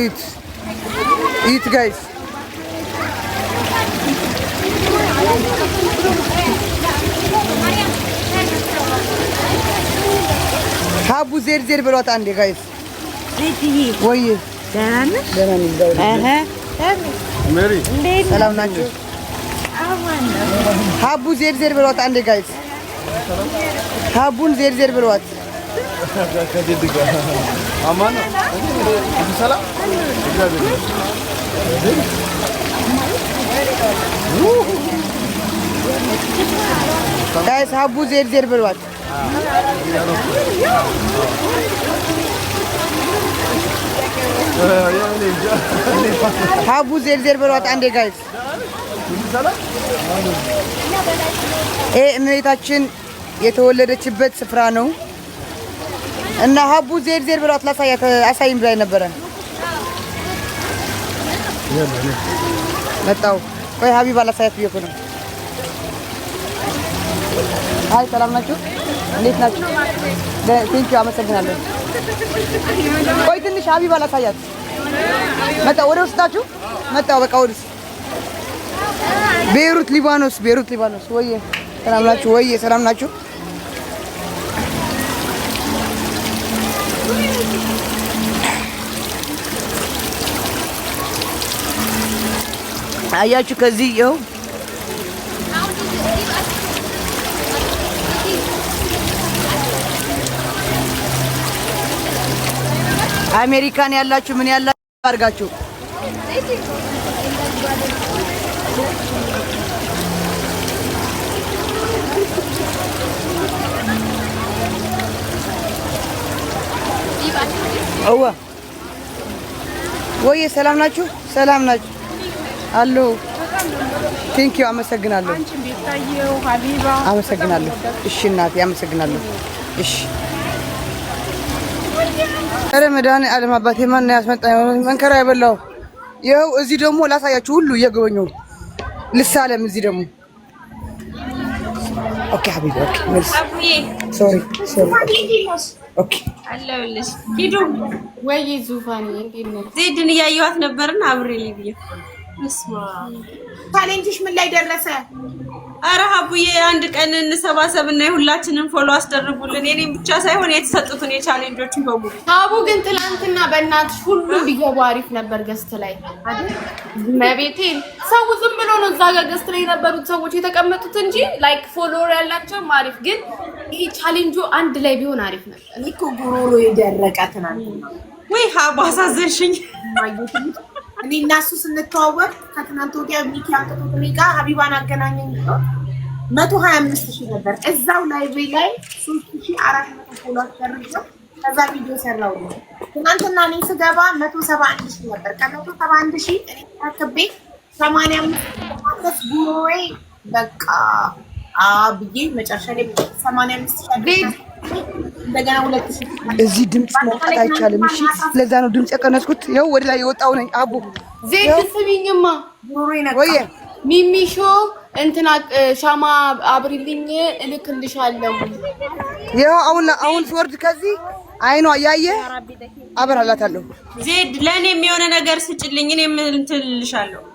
Eat. Eat, guys. Habu bu zer zer bir atandı guys. Zeytini. Oy. Denenmiş. Denenmiş. Ehe. Mary. Selam Nacho. Ha bu zer zer bir atandı guys. Habun bu zer zer bir ከዚህ ሰላም ጋይስ ሀቡ ዜድ ዜድ ብሏል። ሀቡ ዜድ ዜድ ብሏት። አንዴ ጋይስ ይህ እመቤታችን የተወለደችበት ስፍራ ነው። እና ሀቡ ዜር ዜር ብሏት ላሳያት አሳይም ብላኝ ነበረ። መጣሁ። ቆይ ሀቢባ ላሳያት ብዬሽ እኮ ነው። አይ ሰላም ናችሁ? እንዴት ናችሁ? ቴንኪው አመሰግናለሁ። ቆይ ትንሽ ሀቢባ ላሳያት መጣሁ። ወደ ውስጥ ናችሁ? መጣሁ። በቃ ወደ ውስጥ ቤይሩት ሊባኖስ፣ ቤይሩት ሊባኖስ። ወይዬ ሰላም ናችሁ? ወይዬ ሰላም ናችሁ? አያችሁ ከዚህ ይኸው አሜሪካን ያላችሁ ምን ያላችሁ አድርጋችሁ እዋ ወይ ሰላም ናችሁ? ሰላም ናችሁ? አሎ ቴንክ ዩ አመሰግናለሁ። አመሰግናለሁ። እሺ እናቴ አመሰግናለሁ። እሺ ኧረ መድኃኒዓለም አባቴ ማን ነው ያስመጣኝ? መንከራ የበላው ይኸው። እዚህ ደግሞ ላሳያችሁ ሁሉ እየጎበኘሁ ልሳለም። እዚህ ደግሞ ኦኬ ሀቢቢ ኦኬ ሶሪ ሶሪ አለሁልሽ። ሂዱ ወይ ዙፋን ዜድን እያየኋት ነበርና አብሬ ልብዬ ቻሌንጅሽ ምን ላይ ደረሰ? አረ ሀቡዬ አንድ ቀን እንሰባሰብ እና የሁላችንን ፎሎ አስደርጉልን። እኔም ብቻ ሳይሆን የተሰጡትን የቻሌንጆችን በሙሉ። ሀቡ ግን ትላንትና በእናትሽ ሁሉ ቢገቡ አሪፍ ነበር። ገስት ላይ መቤቴን ሰው ዝም ብሎ ነው እዛ ጋር ገስት ላይ የነበሩት ሰዎች የተቀመጡት እንጂ ላይክ ፎሎወር ያላቸውም አሪፍ ግን ይሄ ቻሌንጁ አንድ ላይ ቢሆን አሪፍ ነው። እኔ እኮ ጉሮሮ የደረቀ ትናንትና ወይ ሀቡ አሳዘንሽኝ። እኔ እና እሱ ስንተዋወቅ ከትናንት ወዲያ ሚኪ አንቅቶት እኔ ጋር ሀቢባን አገናኘኝ ብሎ መቶ ሀያ አምስት ሺህ ነበር እዛው ላይቭ ላይ ሶስት ሺህ አራት መቶ ፎሎ አስደርገው ከዛ ቪዲዮ ሰራው ነው። ትናንትና እኔ ስገባ መቶ ሰባ አንድ ሺህ ነበር። ከመቶ ሰባ አንድ ሺህ እኔ ተረክቤ ሰማንያ አምስት ጉሮሮዬ በቃ ብዬ መጨረሻ ላይ ሰማንያ አምስት እዚህ ድምፅ መውጣት አይቻልም። እሺ፣ ስለዛ ነው ድምፅ የቀነስኩት። ይኸው ወደ ላይ የወጣው ነኝ። አቡ ዜድ ስሚኝማ፣ ወይ ሚሚሾ እንትና ሻማ አብሪልኝ እልክልሻለሁ። ይኸው አሁን አሁን ስወርድ ከዚህ አይኗ እያየ አበራላታለሁ። ዜድ ለእኔ የሚሆነ ነገር ስጭልኝ፣ እኔ ምን